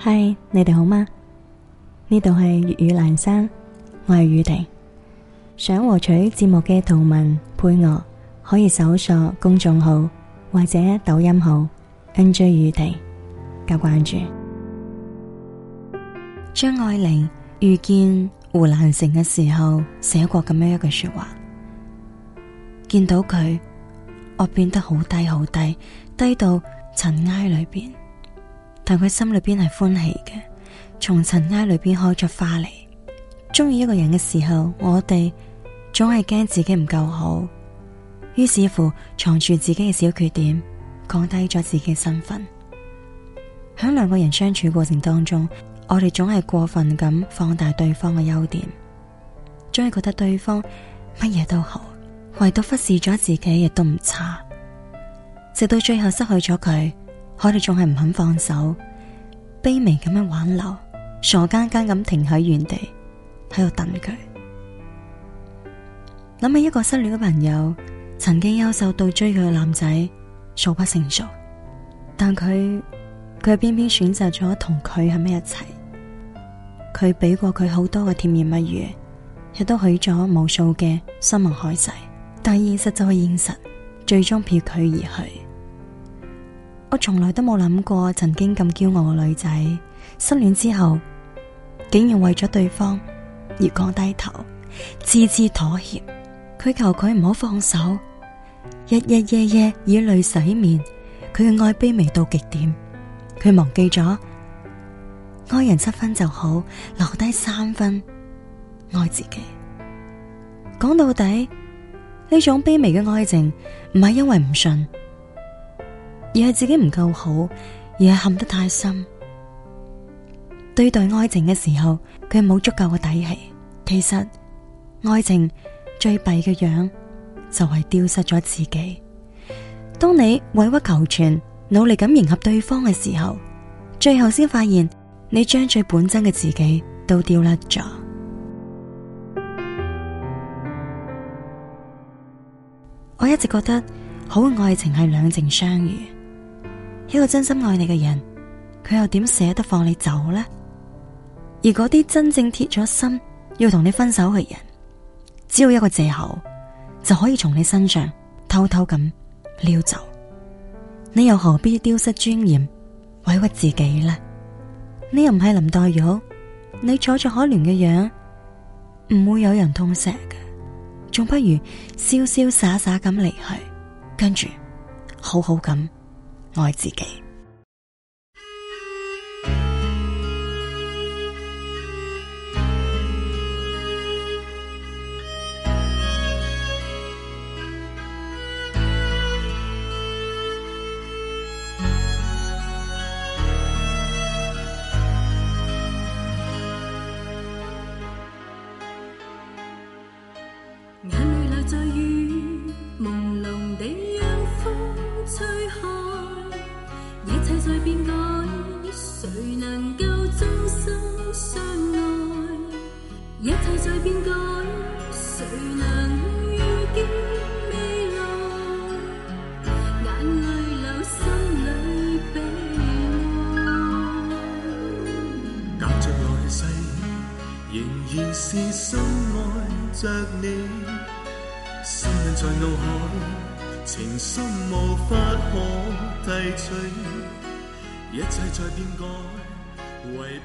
嗨，Hi，你哋好嗎？呢度係粵語闌珊，我係雨婷。想獲取節目嘅圖文配樂，可以搜索公眾號或者抖音號 NJ 雨婷加關注。張愛玲遇見胡蘭成嘅時候，寫過咁樣一句說話：見到佢，我變得好低，好低，低到塵埃裏邊。但佢心裏邊係歡喜嘅，從塵埃裏邊開出花嚟。中意一個人嘅時候，我哋總係驚自己唔夠好，於是乎藏住自己嘅小缺點，降低咗自己嘅身份。響兩個人相處過程當中，我哋總係過分咁放大對方嘅優點，總係覺得對方乜嘢都好，唯獨忽視咗自己亦都唔差，直到最後失去咗佢。我哋仲係唔肯放手，卑微咁樣挽留，傻更更咁停喺原地，喺度等佢。諗起一個失戀嘅朋友，曾經優秀到追佢嘅男仔數不勝數，但佢佢偏偏選擇咗同佢喺埋一齊。佢俾過佢好多嘅甜言蜜語，亦都許咗無數嘅山盟海誓，但現實就係現實，最終撇佢而去。我從來都冇諗過，曾經咁驕傲嘅女仔失戀之後，竟然為咗對方而降低頭，次次妥協，佢求佢唔好放手，日日夜夜以淚洗面，佢嘅愛卑微到極點，佢忘記咗，愛人七分就好，留低三分愛自己。講到底，呢種卑微嘅愛情唔係因為唔信，而係自己唔夠好，而係陷得太深。對待愛情嘅時候，佢冇足夠嘅底氣。其實愛情最弊嘅樣就係丟失咗自己。當你委屈求全，努力咁迎合對方嘅時候，最後先發現你將最本真嘅自己都丟甩咗。我一直覺得好嘅愛情係兩情相悅。一個真心愛你嘅人，佢又點捨得放你走呢？而嗰啲真正鐵咗心要同你分手嘅人，只要一個借口就可以從你身上偷偷咁溜走。你又何必丟失尊嚴，委屈自己呢？你又唔係林黛玉，你楚楚可憐嘅樣，唔會有人痛錫嘅，仲不如瀟瀟灑灑咁離去，跟住好好咁愛自己。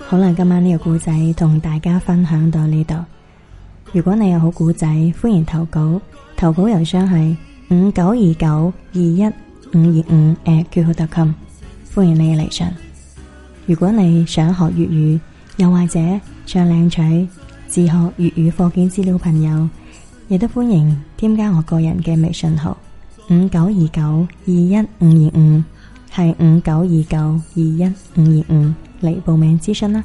好啦，今晚呢個故仔同大家分享到呢度。如果你有好故仔，歡迎投稿。投稿郵箱係五九二九二一五二五，誒，括號特琴。歡迎你嚟上。如果你想學粵語，又或者唱靚曲。自學粵語課件資料，朋友亦都歡迎添加我個人嘅微信號五九二九二一五二五，係五九二九二一五二五嚟報名諮詢啦。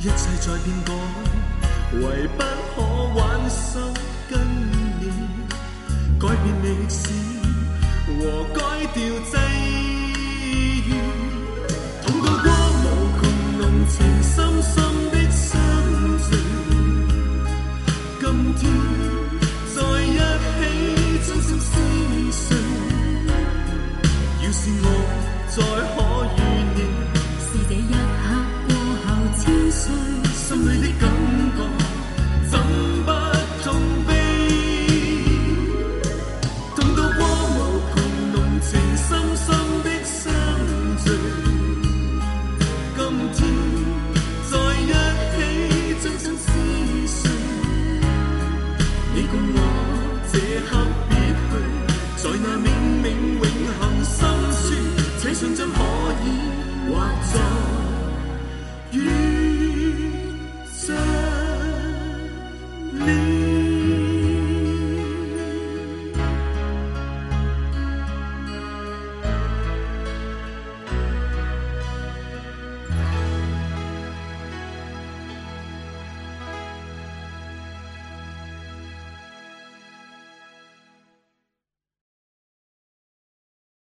一切在變改，唯不可挽手跟你改變歷史和改掉際遇，痛悼過無窮濃情深深的相隨。今天在一起，真心撕碎。要是我